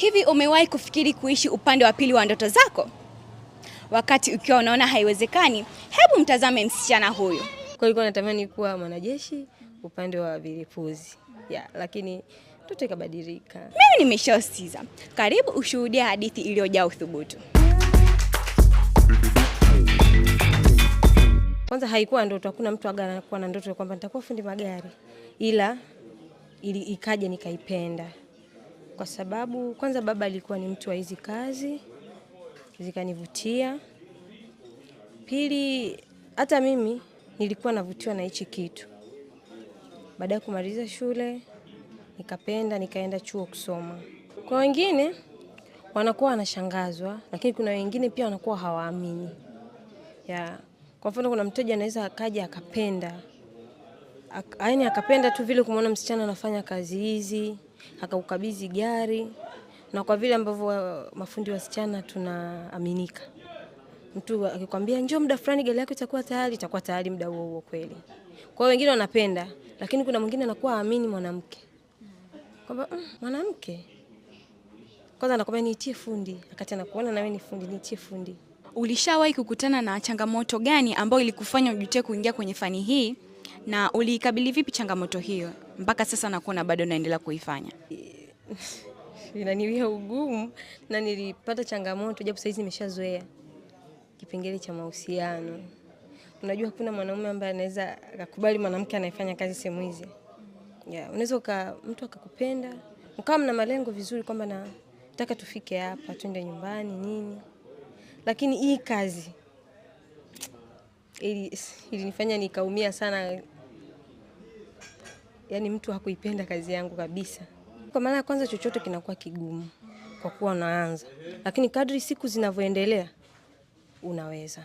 Hivi umewahi kufikiri kuishi upande wa pili wa ndoto zako? Wakati ukiwa unaona haiwezekani, hebu mtazame msichana huyu. Kwa hiyo natamani kuwa mwanajeshi upande wa vilipuzi. ya, lakini ndoto ikabadilika. Mimi nimeshasikiza. Karibu ushuhudia hadithi iliyojaa uthubutu. Kwanza haikuwa ndoto, hakuna mtu aga anakuwa na ndoto kwamba nitakuwa fundi magari, ila ili ikaja nikaipenda kwa sababu kwanza baba alikuwa ni mtu wa hizi kazi zikanivutia. Pili, hata mimi nilikuwa navutiwa na hichi kitu. Baada ya kumaliza shule nikapenda, nikaenda chuo kusoma. Kwa wengine wanakuwa wanashangazwa, lakini kuna wengine pia wanakuwa hawaamini ya. Kwa mfano, kuna mteja anaweza akaja akapenda, yaani akapenda tu vile kumwona msichana anafanya kazi hizi akaukabidhi gari, na kwa vile ambavyo mafundi wasichana tunaaminika, mtu akikwambia njoo muda fulani gari yako itakuwa tayari, itakuwa tayari muda huo huo kweli. Kwa hiyo wengine wanapenda, lakini kuna mwingine anakuwa aamini mwanamke kwamba mm, mwanamke kwanza anakwambia niitie fundi, akati anakuona nawe ni fundi, niitie fundi. Ulishawahi kukutana na changamoto gani ambayo ilikufanya ujutee kuingia kwenye fani hii na uliikabili vipi changamoto hiyo? mpaka sasa nakuona bado naendelea kuifanya? Inaniwia ugumu na nilipata changamoto, japo saizi nimeshazoea kipengele cha mahusiano. Unajua hakuna mwanaume ambaye anaweza akakubali mwanamke anayefanya kazi sehemu hizi. Yeah, unaweza mtu akakupenda ukawa mna malengo vizuri kwamba nataka tufike hapa, twende nyumbani nini, lakini hii kazi ilinifanya nikaumia sana yani mtu hakuipenda kazi yangu kabisa. Kwa mara ya kwanza chochote kinakuwa kigumu kwa kuwa unaanza, lakini kadri siku zinavyoendelea unaweza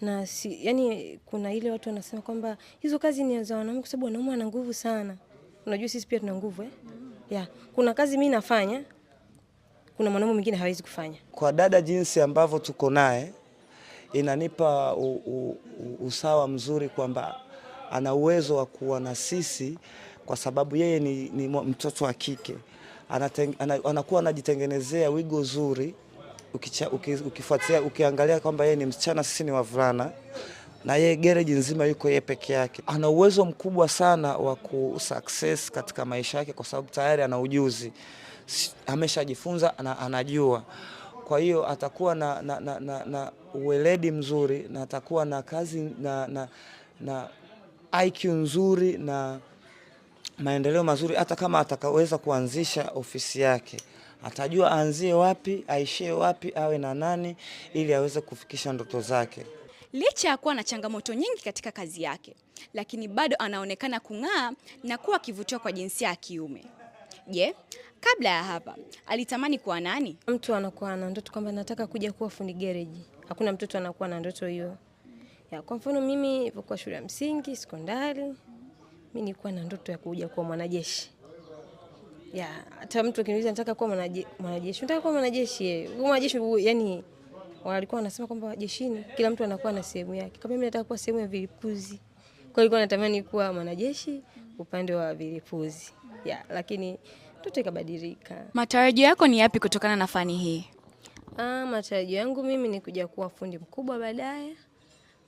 na si, yani kuna ile watu wanasema kwamba hizo kazi ni za wanaume, kwa sababu wanaume wana nguvu sana. Unajua sisi pia tuna nguvu eh? Yeah. Kuna kazi mimi nafanya, kuna mwanaume mwingine hawezi kufanya. Kwa dada, jinsi ambavyo tuko naye inanipa u, u, u, usawa mzuri kwamba ana uwezo wa kuwa na sisi kwa sababu yeye ni, ni mtoto wa kike anakuwa anajitengenezea wigo zuri ukicha, ukifuatia ukiangalia kwamba yeye ni msichana, sisi ni wavulana na yeye gereji nzima yuko yeye peke yake. Ana uwezo mkubwa sana wa ku katika maisha yake, kwa sababu tayari ana ujuzi, ameshajifunza na anajua. Kwa hiyo atakuwa na, na, na, na, na uweledi mzuri na atakuwa na kazi na, na, na IQ nzuri na maendeleo mazuri, hata kama atakaweza kuanzisha ofisi yake atajua aanzie wapi, aishie wapi, awe na nani, ili aweze kufikisha ndoto zake. Licha ya kuwa na changamoto nyingi katika kazi yake, lakini bado anaonekana kung'aa na kuwa kivutio kwa jinsia ya kiume. Je, kabla ya hapa alitamani kuwa nani? Mtu anakuwa na ndoto kwamba nataka kuja kuwa fundi gereji. Hakuna mtoto anakuwa na ndoto hiyo. Kwa mfano mimi nilipokuwa shule ya msingi, sekondari mi nilikuwa na ndoto ya kuja kuwa mwanajeshi ya hata mtu akiniuliza nataka kuwa mwanajeshi, nataka kuwa mwanajeshi eh, yeye. Mwanajeshi yani walikuwa wanasema kwamba jeshini kila mtu anakuwa na sehemu yake. Kama mimi nataka kuwa sehemu ya vilipuzi. Kwa hiyo natamani kuwa mwanajeshi upande wa vilipuzi. Ya, lakini ndoto ikabadilika. Matarajio yako ni yapi kutokana na fani hii? Ah, matarajio yangu mimi ni kuja kuwa fundi mkubwa baadaye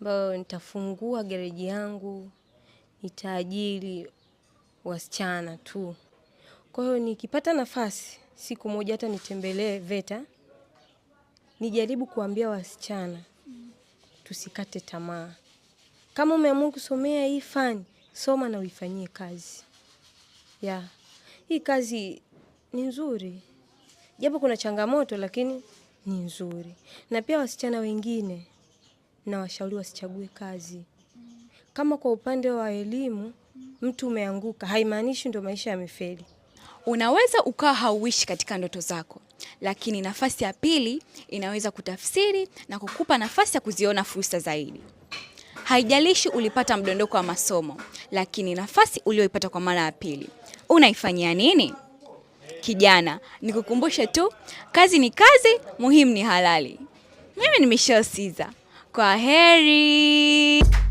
ambayo nitafungua gereji yangu nitaajiri wasichana tu. Kwa hiyo nikipata nafasi siku moja hata nitembelee VETA nijaribu kuambia wasichana tusikate tamaa. Kama umeamua kusomea hii fani, soma na uifanyie kazi ya yeah. Hii kazi ni nzuri, japo kuna changamoto, lakini ni nzuri. Na pia wasichana wengine na washauri wasichague kazi kama kwa upande wa elimu mtu umeanguka, haimaanishi ndo maisha yamefeli. Unaweza ukawa hauishi katika ndoto zako, lakini nafasi ya pili inaweza kutafsiri na kukupa nafasi ya kuziona fursa zaidi. Haijalishi ulipata mdondoko wa masomo, lakini nafasi uliyoipata kwa mara ya pili unaifanyia nini? Kijana, nikukumbushe tu, kazi ni kazi, muhimu ni halali. Mimi ni Michelle Siza, kwa heri.